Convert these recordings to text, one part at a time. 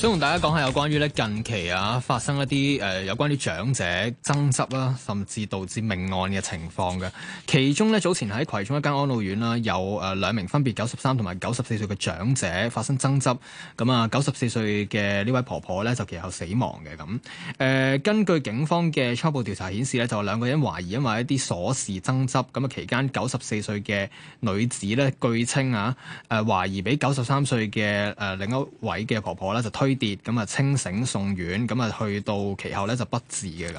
想同大家講下有關於咧近期啊發生一啲誒、呃、有關啲長者爭執啦，甚至導致命案嘅情況嘅。其中咧早前喺葵涌一間安老院啦、啊，有誒兩、呃、名分別九十三同埋九十四歲嘅長者發生爭執。咁、嗯、啊，九十四歲嘅呢位婆婆咧就其後死亡嘅。咁、嗯、誒，根據警方嘅初步調查顯示咧，就兩個人懷疑因為一啲瑣事爭執。咁、嗯、啊，期間九十四歲嘅女子咧，據稱啊誒懷疑俾九十三歲嘅誒另一位嘅婆婆啦就推。跌咁，啊清醒送院，咁啊去到其後咧就不治嘅咁。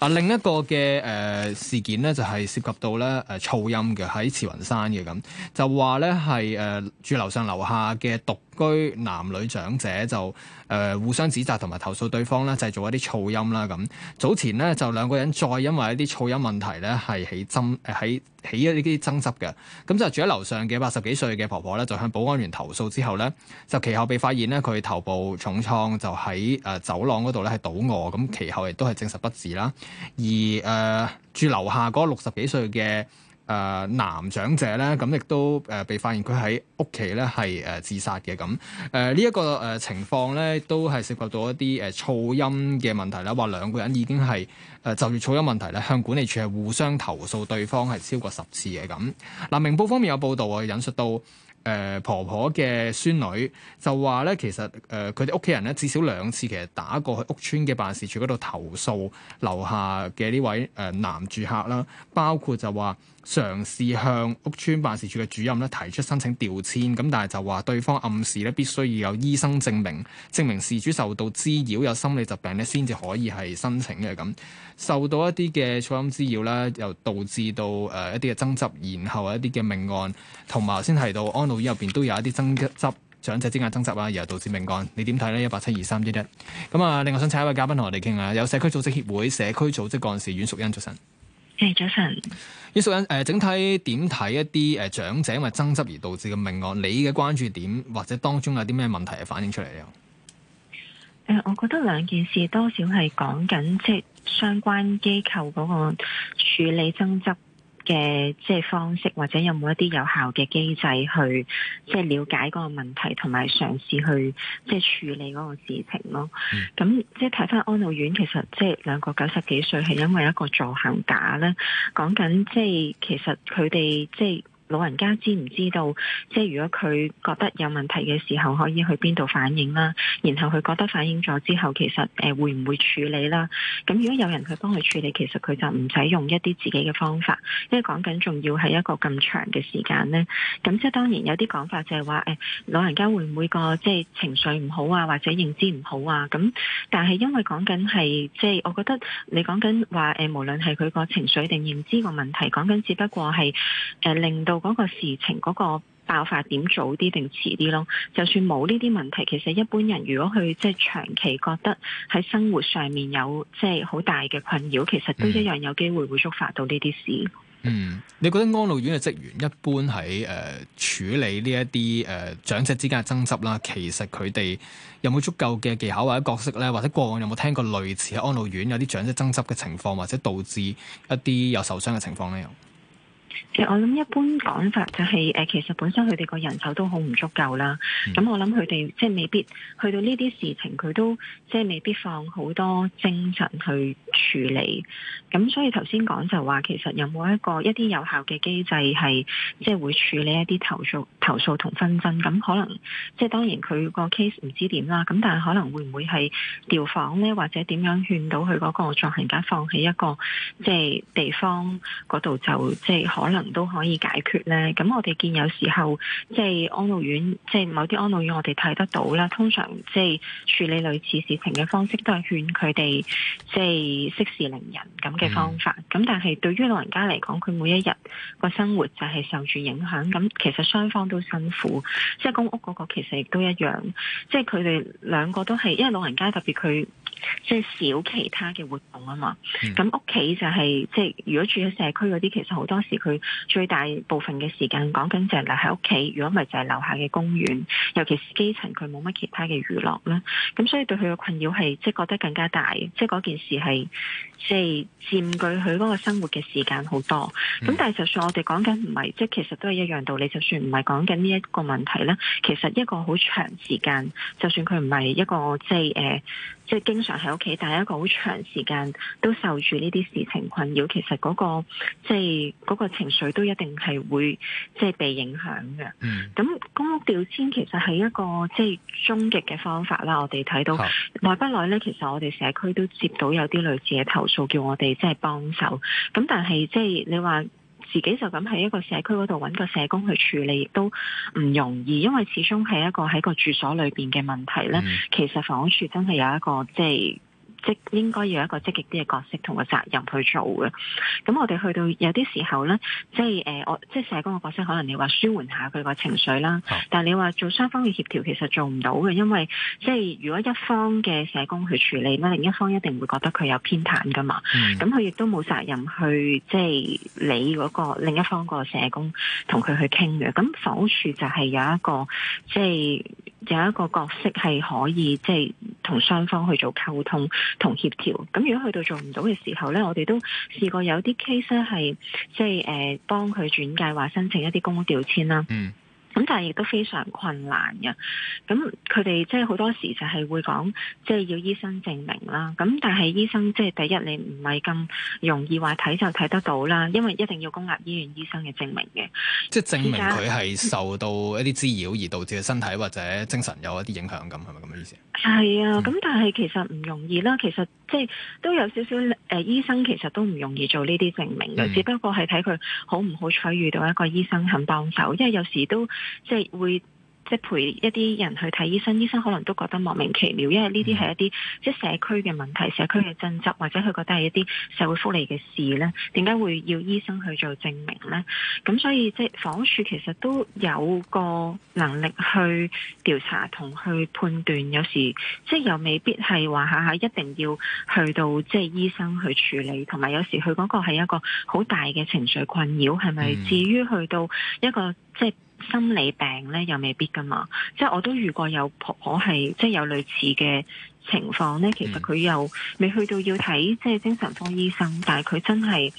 啊另一個嘅誒、呃、事件咧就係、是、涉及到咧誒、呃、噪音嘅，喺慈雲山嘅咁，就話咧係誒住樓上樓下嘅毒居男女長者就誒、呃、互相指責同埋投訴對方咧，製造一啲噪音啦咁。早前咧就兩個人再因為一啲噪音問題咧，係起爭喺、呃、起、起一啲爭執嘅。咁就住喺樓上嘅八十幾歲嘅婆婆咧，就向保安員投訴之後咧，就其後被發現咧佢頭部重創就，就喺誒走廊嗰度咧係倒卧，咁其後亦都係證實不治啦。而誒、呃、住樓下嗰六十幾歲嘅，誒男長者咧，咁亦都誒被發現佢喺屋企咧係誒自殺嘅。咁誒呢一個誒情況咧，都係涉及到一啲誒噪音嘅問題啦。話兩個人已經係誒就住噪音問題咧，向管理處係互相投訴對方係超過十次嘅咁嗱。明報方面有報道啊，引述到誒、呃、婆婆嘅孫女就話咧，其實誒佢哋屋企人咧至少兩次其實打過去屋村嘅辦事處嗰度投訴樓下嘅呢位誒、呃、男住客啦，包括就話。嘗試向屋邨辦事處嘅主任咧提出申請調遷，咁但係就話對方暗示咧必須要有醫生證明，證明事主受到滋擾有心理疾病咧先至可以係申請嘅咁。受到一啲嘅噪音滋擾啦，又導致到誒、呃、一啲嘅爭執，然後一啲嘅命案，同埋頭先提到安老院入邊都有一啲爭執，長者之間爭執啦，然後導致命案。你點睇呢？一八七二三一一咁啊！另外想請一位嘉賓同我哋傾下：有社區組織協會社區組織幹事阮淑茵，早晨。係早晨，阮淑茵，誒、呃，整體點睇一啲誒、呃、長者因為爭執而導致嘅命案，你嘅關注點或者當中有啲咩問題係反映出嚟咧？誒、呃，我覺得兩件事多少係講緊即係相關機構嗰個處理爭執。嘅即係方式，或者有冇一啲有效嘅機制去即係了解嗰個問題，同埋嘗試去即係處理嗰個事情咯。咁 即係睇翻安老院，其實即係兩個九十幾歲，係因為一個助行架咧，講緊即係其實佢哋即係。老人家知唔知道？即係如果佢覺得有問題嘅時候，可以去邊度反映啦？然後佢覺得反映咗之後其實誒、呃、會唔會處理啦？咁如果有人去幫佢處理，其實佢就唔使用，用一啲自己嘅方法，因為講緊仲要係一個咁長嘅時間咧。咁即係當然有啲講法就係話誒，老人家會唔會個即係情緒唔好啊，或者認知唔好啊？咁但係因為講緊係即係我覺得你講緊話誒，無論係佢個情緒定認知個問題，講緊只不過係誒、呃、令到。嗰個事情嗰個爆發點早啲定遲啲咯？就算冇呢啲問題，其實一般人如果佢即係長期覺得喺生活上面有即係好大嘅困擾，其實都一樣有機會會觸發到呢啲事。嗯，你覺得安老院嘅職員一般喺誒、呃、處理呢一啲誒長者之間嘅爭執啦，其實佢哋有冇足夠嘅技巧或者角色咧？或者過往有冇聽過類似喺安老院有啲長者爭執嘅情況，或者導致一啲有受傷嘅情況咧？其實我諗一般講法就係、是、誒，其實本身佢哋個人手都好唔足夠啦。咁、嗯、我諗佢哋即係未必去到呢啲事情，佢都即係未必放好多精神去處理。咁所以頭先講就話其實有冇一個一啲有效嘅機制係即係會處理一啲投訴、投訴同紛爭，咁可能即係當然佢個 case 唔知點啦。咁但係可能會唔會係調房呢？或者點樣勸到佢嗰個作行家放喺一個即係地方嗰度就即係可能都可以解決咧。咁我哋見有時候即係安老院，即係某啲安老院，我哋睇得到啦。通常即係處理類似事情嘅方式都，都係勸佢哋即係息事寧人咁嘅方法。咁、嗯、但係對於老人家嚟講，佢每一日個生活就係受住影響，咁其實雙方都辛苦。即係公屋嗰個其實亦都一樣，即係佢哋兩個都係因為老人家特別佢即係少其他嘅活動啊嘛。咁屋企就係、是、即係如果住喺社區嗰啲，其實好多時佢。最大部分嘅時間講緊淨係留喺屋企，如果唔係就係樓下嘅公園，尤其是基層，佢冇乜其他嘅娛樂啦，咁所以對佢嘅困擾係即係覺得更加大，即係嗰件事係即係佔據佢嗰個生活嘅時間好多。咁但係就算我哋講緊唔係，即係其實都係一樣道理。就算唔係講緊呢一個問題啦，其實一個好長時間，就算佢唔係一個即係誒。呃即係經常喺屋企，但係一個好長時間都受住呢啲事情困擾，其實嗰、嗰個即係、嗰個情緒都一定係會即係被影響嘅。嗯，咁公屋調遷其實係一個即係終極嘅方法啦。我哋睇到耐好不耐咧，其實我哋社區都接到有啲類似嘅投訴，叫我哋即係幫手。咁但係即係你話，自己就咁喺一個社區嗰度揾個社工去處理，亦都唔容易，因為始終係一個喺個住所裏邊嘅問題呢、嗯、其實房署真係有一個即係。就是即應該要有一個積極啲嘅角色同個責任去做嘅。咁我哋去到有啲時候呢，即係誒，我、呃、即社工嘅角色，可能你話舒緩下佢個情緒啦。好但係你話做雙方嘅協調，其實做唔到嘅，因為即係如果一方嘅社工去處理咧，另一方一定會覺得佢有偏袒㗎嘛。咁佢亦都冇責任去即係理嗰個另一方個社工同佢去傾嘅。咁房署就係有一個即係有一個角色係可以即係同雙方去做溝通同協調，咁如果去到做唔到嘅時候呢，我哋都試過有啲 case 咧，係即係誒幫佢轉介話申請一啲公屋調遷啦。嗯咁但係亦都非常困難嘅，咁佢哋即係好多時就係會講，即係要醫生證明啦。咁但係醫生即係第一，你唔係咁容易話睇就睇得到啦，因為一定要公立醫院醫生嘅證明嘅，即係證明佢係受到一啲滋擾而導致嘅身體或者精神有一啲影響咁，係咪咁嘅意思？係、嗯、啊，咁但係其實唔容易啦，其實。即係都有少少誒，醫生其實都唔容易做呢啲證明嘅，只不過係睇佢好唔好彩，遇到一個醫生肯幫手，因為有時都即係會。 即係陪一啲人去睇醫生，醫生可能都覺得莫名其妙，因為呢啲係一啲即係社區嘅問題，社區嘅爭執或者佢覺得係一啲社會福利嘅事咧，點解會要醫生去做證明咧？咁所以即係房署其實都有個能力去調查同去判斷，有時即係又未必係話下下一定要去到即係醫生去處理，同埋有，有時佢嗰個係一個好大嘅情緒困擾，係咪？至於去到一個即係。心理病咧又未必㗎嘛。即係我都遇過有婆婆係即係有類似嘅情況咧，其實佢又未去到要睇即係精神科醫生，但係佢真係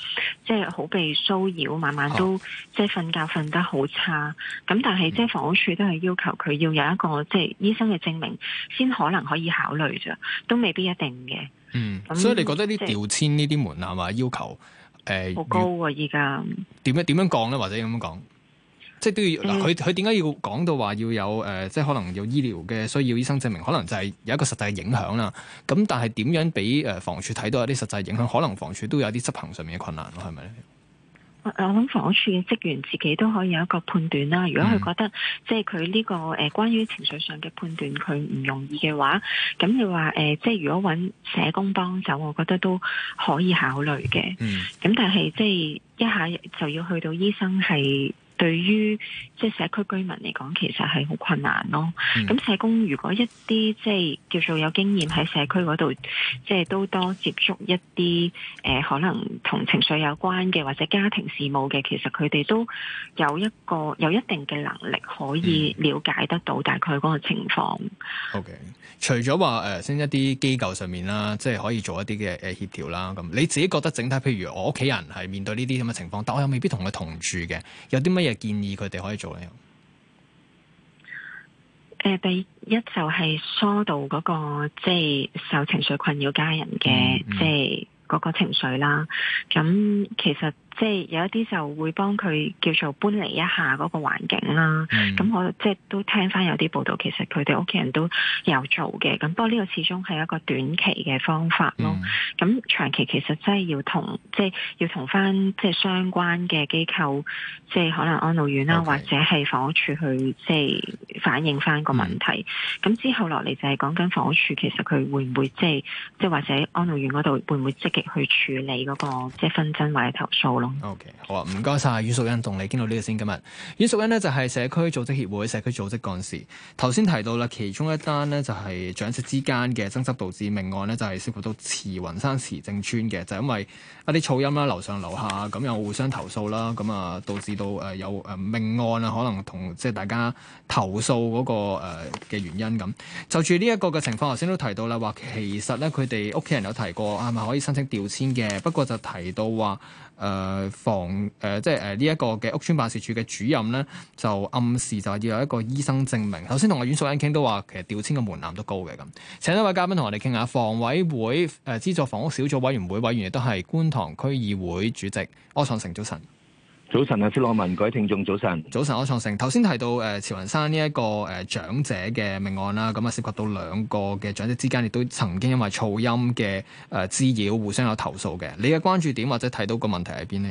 即係好被騷擾，晚晚都、哦、即係瞓覺瞓得好差。咁但係即係房屋處都係要求佢要有一個、嗯、即係醫生嘅證明，先可能可以考慮啫，都未必一定嘅。嗯，那所以你覺得啲調遷呢啲門檻即要求，誒、呃，好高啊。依家點樣點樣降咧？或者咁樣講？即係都要，嗱、嗯，佢佢點解要講到話要有誒、呃，即係可能有醫療嘅需要，醫生證明，可能就係有一個實際嘅影響啦。咁但係點樣俾誒房署睇到有啲實際影響？可能房署都有啲執行上面嘅困難咯，係咪咧？我諗房署嘅職員自己都可以有一個判斷啦。如果佢覺得、嗯、即係佢呢個誒關於情緒上嘅判斷佢唔容易嘅話，咁你話誒、呃，即係如果揾社工幫手，我覺得都可以考慮嘅。咁、嗯、但係即係一下就要去到醫生係。對於即係社區居民嚟講，其實係好困難咯。咁、嗯、社工如果一啲即係叫做有經驗喺社區度，即係都多，多接觸一啲誒、呃、可能同情緒有關嘅或者家庭事務嘅，其實佢哋都有一個有一定嘅能力，可以了解得到大概個情況、嗯、Okay，除咗話誒先一啲機構上面啦，即係可以做一啲嘅誒協調啦。咁你自己覺得整體譬如我屋企人係面對呢啲咁嘅情況，但我又未必同佢同住嘅，有啲咩？咩建議佢哋可以做咧？誒、呃、第一就係疏導嗰、那個即係、就是、受情緒困擾家人嘅即係嗰個情緒啦，咁其實。即係有一啲就會幫佢叫做搬離一下嗰個環境啦。咁、嗯、我即係都聽翻有啲報道，其實佢哋屋企人都有做嘅。咁不過呢個始終係一個短期嘅方法咯。咁、嗯、長期其實真係要同即係要同翻即係相關嘅機構，即係可能安老院啦，okay，或者係房屋處去即係反映翻個問題。咁、嗯、之後落嚟就係講緊房屋處，其實佢會唔會即係即係或者安老院嗰度會唔會積極去處理嗰個即係紛爭或者投訴？O.K. 好啊，唔該曬，阮淑茵同你傾到呢個先今日。阮淑茵呢就係、是、社區組織協會社區組織幹事。頭先提到啦，其中一單呢就係長者之間嘅爭執導致命案呢就係、是、涉及到慈雲山慈正邨嘅，就係、是、因為一啲噪音啦，樓上樓下咁又互相投訴啦，咁啊導致到誒、呃、有誒命案啊，可能同即係大家投訴嗰、那個嘅、呃、原因咁。就住呢一個嘅情況，頭先都提到啦，話其實呢，佢哋屋企人有提過，係、啊、咪可以申請調遷嘅？不過就提到話誒。呃呃呃誒房誒即係誒呢一個嘅屋邨辦事處嘅主任咧，就暗示就係要有一個醫生證明。頭先同阿阮淑茵傾都話，其實調遷嘅門檻都高嘅咁。請一位嘉賓同我哋傾下，房委會誒資、呃、助房屋小組委員會委員亦都係觀塘區議會主席柯創盛，早晨。早晨啊，赤裸文各位聽眾，早晨。早晨，我創盛頭先提到誒、呃，慈雲山呢、這、一個誒、呃、長者嘅命案啦，咁啊涉及到兩個嘅長者之間，亦都曾經因為噪音嘅誒、呃、滋擾互相有投訴嘅。你嘅關注點或者睇到個問題喺邊呢？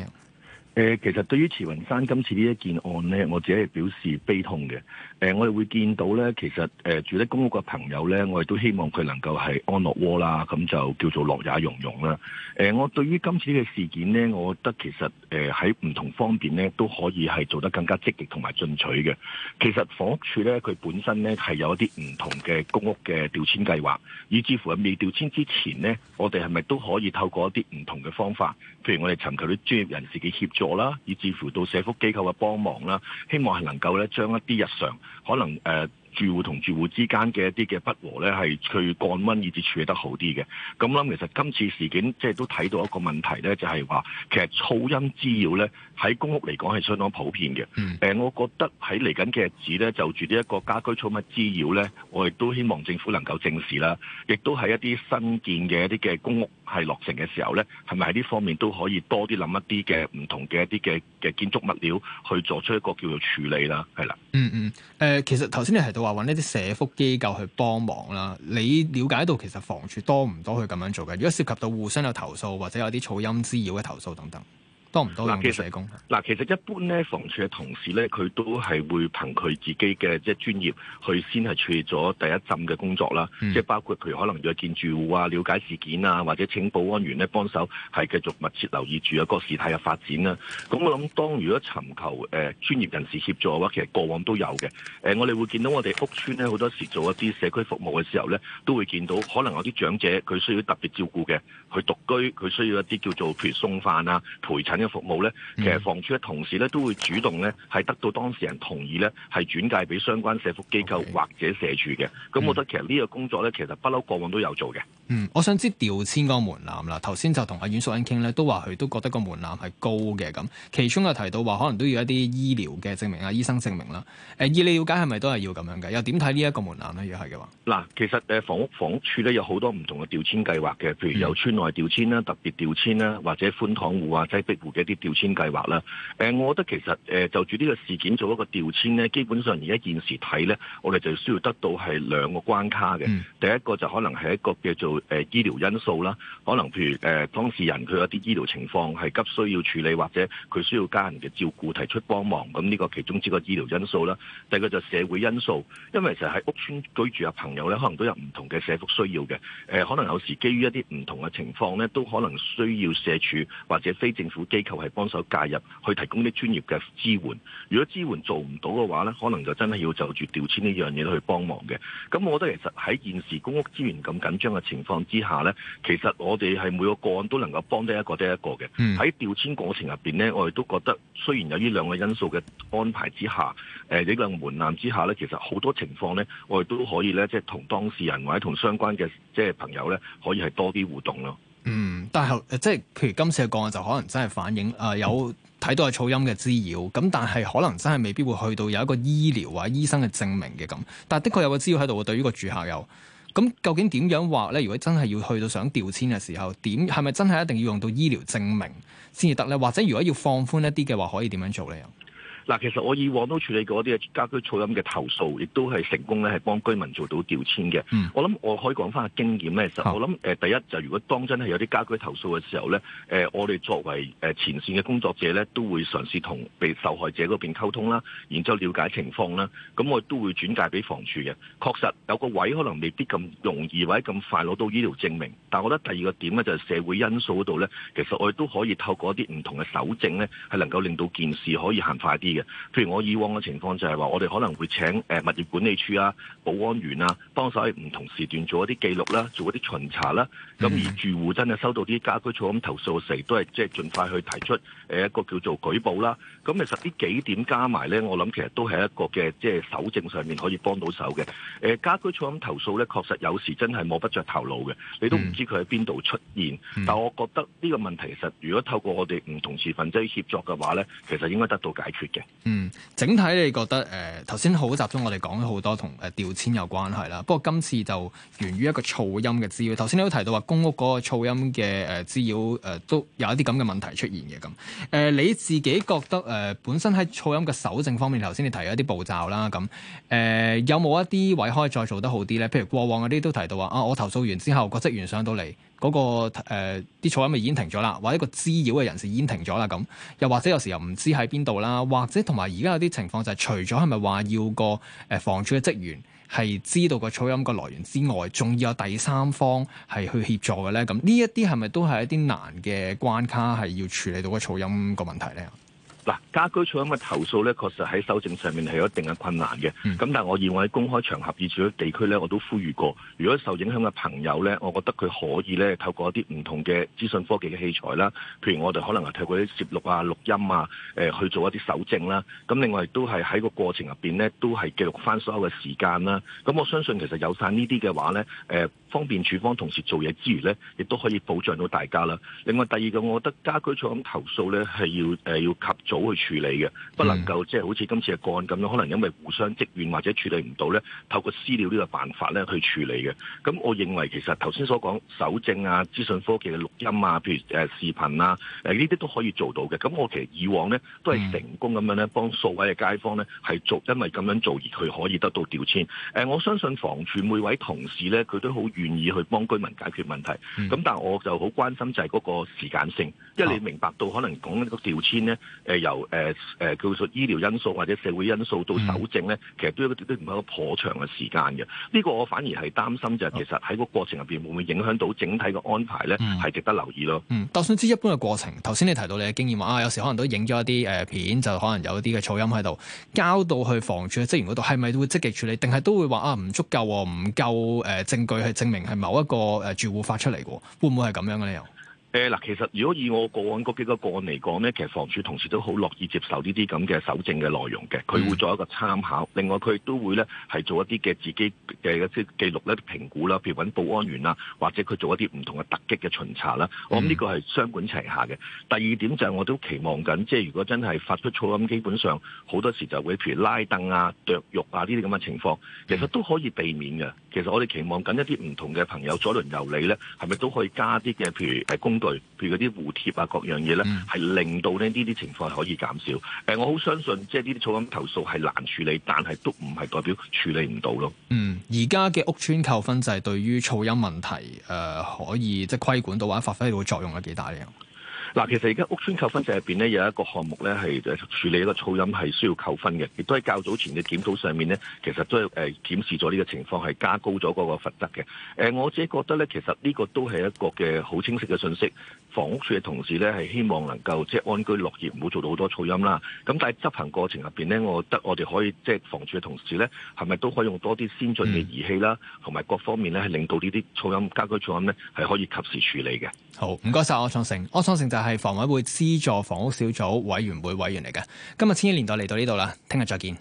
誒、呃，其實對於慈雲山今次呢一件案呢，我自己係表示悲痛嘅。誒、呃，我哋會見到呢，其實誒、呃、住喺公屋嘅朋友呢，我哋都希望佢能夠係安樂窩啦，咁就叫做樂也融融啦。誒、呃，我對於今次嘅事件呢，我覺得其實誒喺唔同方面呢，都可以係做得更加積極同埋進取嘅。其實房屋處呢，佢本身呢係有一啲唔同嘅公屋嘅調遷計劃，以至乎喺未調遷之前呢，我哋係咪都可以透過一啲唔同嘅方法，譬如我哋尋求啲專業人士嘅協助。助啦，以至乎到社福機構嘅幫忙啦，希望係能夠咧將一啲日常可能誒。呃住戶同住戶之間嘅一啲嘅不和呢，係去降溫以至處理得好啲嘅。咁諗，其實今次事件即係都睇到一個問題呢，就係話其實噪音滋擾呢，喺公屋嚟講係相當普遍嘅。誒、嗯呃，我覺得喺嚟緊嘅日子呢，就住呢一個家居噪音滋擾呢，我亦都希望政府能夠正視啦。亦都喺一啲新建嘅一啲嘅公屋係落成嘅時候呢，係咪喺呢方面都可以多啲諗一啲嘅唔同嘅一啲嘅嘅建築物料去作出一個叫做處理啦，係啦、嗯。嗯嗯，誒、呃，其實頭先你提到。話揾一啲社福機構去幫忙啦，你了解到其實房署多唔多去咁樣做嘅？如果涉及到互相有投訴，或者有啲噪音滋擾嘅投訴等等。多唔多嘅社工嗱、啊，其實一般咧，房署嘅同事咧，佢都係會憑佢自己嘅即係專業去先係處理咗第一浸嘅工作啦。嗯、即係包括譬如可能要見住戶啊、了解事件啊，或者請保安員咧幫手，係繼續密切留意住一、啊、個事態嘅發展啦、啊。咁我諗當如果尋求誒、呃、專業人士協助嘅話，其實過往都有嘅。誒、呃，我哋會見到我哋屋邨咧好多時做一啲社區服務嘅時候咧，都會見到可能有啲長者佢需要特別照顧嘅，佢獨居佢需要一啲叫做譬如送飯啊、陪診，嘅服務咧，其實房署嘅同事咧都會主動咧係得到當事人同意咧，係轉介俾相關社福機構或者社署嘅。咁、嗯、我覺得其實呢個工作咧，其實不嬲過往都有做嘅。嗯，我想知調遷個門檻啦。頭先就同阿阮淑茵傾咧，都話佢都覺得個門檻係高嘅咁。其中又提到話可能都要一啲醫療嘅證明啊、醫生證明啦。誒，以你了解係咪都係要咁樣嘅？又點睇呢一個門檻咧？如果係嘅話，嗱，其實誒房屋房署咧有好多唔同嘅調遷計劃嘅，譬如有村內調遷啦、特別調遷啦，或者寬敞戶啊、擠迫戶。一啲調遷計劃啦，誒， 我覺得其實誒就住呢個事件做一個調遷咧，基本上而家現時睇咧，我哋就需要得到係兩個關卡嘅。第一個就可能係一個叫做誒醫療因素啦，可能譬如誒當事人佢有啲醫療情況係急需要處理，或者佢需要家人嘅照顧提出幫忙，咁呢個其中之個醫療因素啦。第二個就社會因素，因為其實喺屋邨居住嘅朋友咧，可能都有唔同嘅社福需要嘅。誒，可能有時基於一啲唔同嘅情況咧，都可能需要社署或者非政府機機構係幫手介入，去提供啲專業嘅支援。如果支援做唔到嘅話咧，可能就真係要就住調遷呢樣嘢去幫忙嘅。咁我覺得其實喺現時公屋資源咁緊張嘅情況之下咧，其實我哋係每個個案都能夠幫得一個得一個嘅。喺調遷過程入邊咧，我哋都覺得雖然有呢兩個因素嘅安排之下，誒呢個門檻之下咧，其實好多情況咧，我哋都可以咧，即係同當事人或者同相關嘅即係朋友咧，可以係多啲互動咯。嗯，但係即係，譬如今次嘅個案就可能真係反映誒、呃、有睇到係噪音嘅滋擾，咁但係可能真係未必會去到有一個醫療或者醫生嘅證明嘅，咁，但係的確有個資料喺度嘅，對於個住客有，咁究竟點樣話咧？如果真係要去到想調遷嘅時候，點，係咪真係一定要用到醫療證明先至得咧？或者如果要放寬一啲嘅話，可以點樣做咧？嗱，其實我以往都處理過一啲家居噪音嘅投訴，亦都係成功咧，係幫居民做到調遷嘅。Mm. 我諗我可以講翻嘅經驗咧，就我諗誒、呃、第一就如果當真係有啲家居投訴嘅時候咧，誒、呃、我哋作為誒前線嘅工作者咧，都會嘗試同被受害者嗰邊溝通啦，然之後了解情況啦，咁我都會轉介俾房署嘅。確實有個位可能未必咁容易或者咁快攞到醫療證明，但係我覺得第二個點咧就係、是、社會因素嗰度咧，其實我哋都可以透過一啲唔同嘅搜證咧，係能夠令到件事可以行快啲。譬如我以往嘅情況就係話，我哋可能會請誒物業管理處啊、保安員啊，幫手喺唔同時段做一啲記錄啦、啊，做一啲巡查啦、啊。咁而住戶真係收到啲家居噪音投訴時，都係即係盡快去提出誒一個叫做舉報啦、啊。咁其實呢幾點加埋咧，我諗其實都係一個嘅即係搜證上面可以幫到手嘅。誒、呃、家居噪音投訴咧，確實有時真係摸不着頭腦嘅，你都唔知佢喺邊度出現。嗯、但我覺得呢個問題，其實如果透過我哋唔同持份者即係協作嘅話咧，其實應該得到解決嘅。嗯，整體你覺得誒，頭、呃、先好集中我，我哋講咗好多同誒調遷有關係啦。不過今次就源於一個噪音嘅滋擾。頭先你都提到話公屋嗰個噪音嘅誒滋擾誒，都有一啲咁嘅問題出現嘅咁。誒、呃，你自己覺得誒、呃，本身喺噪音嘅守正方面，頭先你提咗啲步驟啦。咁、呃、誒，有冇一啲位可以再做得好啲咧？譬如過往嗰啲都提到話啊，我投訴完之後，個職員上到嚟。嗰個誒啲噪音咪已經停咗啦，或者個滋擾嘅人士已經停咗啦咁，又或者有時候又唔知喺邊度啦，或者同埋而家有啲情況就係除咗係咪話要個誒房署嘅職員係知道個噪音個來源之外，仲要有第三方係去協助嘅咧，咁呢一啲係咪都係一啲難嘅關卡係要處理到個噪音個問題咧？嗱，家居噪音嘅投訴咧，確實喺搜證上面係有一定嘅困難嘅。咁、嗯、但係我以往喺公開場合，以至嗰地區咧，我都呼籲過，如果受影響嘅朋友咧，我覺得佢可以咧，透過一啲唔同嘅資訊科技嘅器材啦，譬如我哋可能係透過啲攝錄啊、錄音啊，誒、呃、去做一啲搜證啦。咁、嗯、另外亦都係喺個過程入邊咧，都係記錄返所有嘅時間啦。咁、嗯、我相信其實有晒呢啲嘅話咧，誒、呃。方便處方同時做嘢之餘呢，亦都可以保障到大家啦。另外第二個，我覺得家居咁投訴呢，係要誒、呃、要及早去處理嘅，不能夠即係好似今次嘅個案咁樣，可能因為互相積怨或者處理唔到呢，透過私了呢個辦法呢去處理嘅。咁我認為其實頭先所講搜證啊、資訊科技嘅錄音啊、譬如誒、呃、視頻啊，誒呢啲都可以做到嘅。咁我其實以往呢，都係成功咁樣呢，幫數位嘅街坊呢，係做，因為咁樣做而佢可以得到調遷。誒、呃、呃，我相信房署每位同事呢，佢都好願意去幫居民解決問題，咁但係我就好關心就係嗰個時間性，因為一你明白、啊嗯 anyway，到可能講緊個調遷咧，誒由誒誒叫做醫療因素或者社會因素到搜證咧，其實都都唔係一個頗長嘅時間嘅。呢個我反而係擔心就係其實喺個過程入邊會唔會影響到整體嘅安排咧，係值得留意咯。嗯，但係甚至一般嘅過程，頭先你提到你嘅經驗話啊，有時可能都影咗一啲誒片，就可能有一啲嘅噪音喺度，交到去房署嘅職員嗰度，係咪會積極處理，定係都會話啊唔足夠喎，唔夠誒證據去證？呃明係某一個誒住戶發出嚟噶，會唔會係咁樣嘅咧？又？誒嗱，其實如果以我過案嗰幾個個案嚟講呢，其實房主房署同事都好樂意接受呢啲咁嘅搜證嘅內容嘅，佢會做一個參考。另外佢都會呢係做一啲嘅自己嘅一啲記錄咧評估啦，譬如揾保安員啊，或者佢做一啲唔同嘅突擊嘅巡查啦。我諗呢個係雙管齊下嘅。第二點就係我都期望緊，即係如果真係發出噪音，基本上好多時就會譬如拉凳啊、剁肉啊呢啲咁嘅情況，其實都可以避免嘅。其實我哋期望緊一啲唔同嘅朋友左鄰右里呢，係咪都可以加啲嘅譬如譬如嗰啲互貼啊，各樣嘢咧，係、嗯、令到咧呢啲情況可以減少。誒、呃，我好相信即係呢啲噪音投訴係難處理，但係都唔係代表處理唔到咯。嗯，而家嘅屋邨扣分制對於噪音問題誒、呃，可以即係規管到或者發揮到作用有幾大呢？嗱，其實而家屋村扣分制入邊咧，有一個項目咧係誒處理一個噪音係需要扣分嘅，亦都係較早前嘅檢討上面咧，其實都係誒檢視咗呢個情況係加高咗嗰個罰則嘅。誒、呃，我自己覺得咧，其實呢個都係一個嘅好清晰嘅信息。房屋署嘅同事咧，係希望能夠即係安居樂業，唔好做到好多噪音啦。咁但係執行過程入邊咧，我覺得我哋可以即係房署嘅同事咧，係咪都可以用多啲先進嘅儀器啦，同埋各方面咧，係令到呢啲噪音、家居噪音咧，係可以及時處理嘅。好，唔該晒，柯創盛，柯創盛就係房委會資助房屋小組委員會委員嚟嘅。今日千禧年代嚟到呢度啦，聽日再見。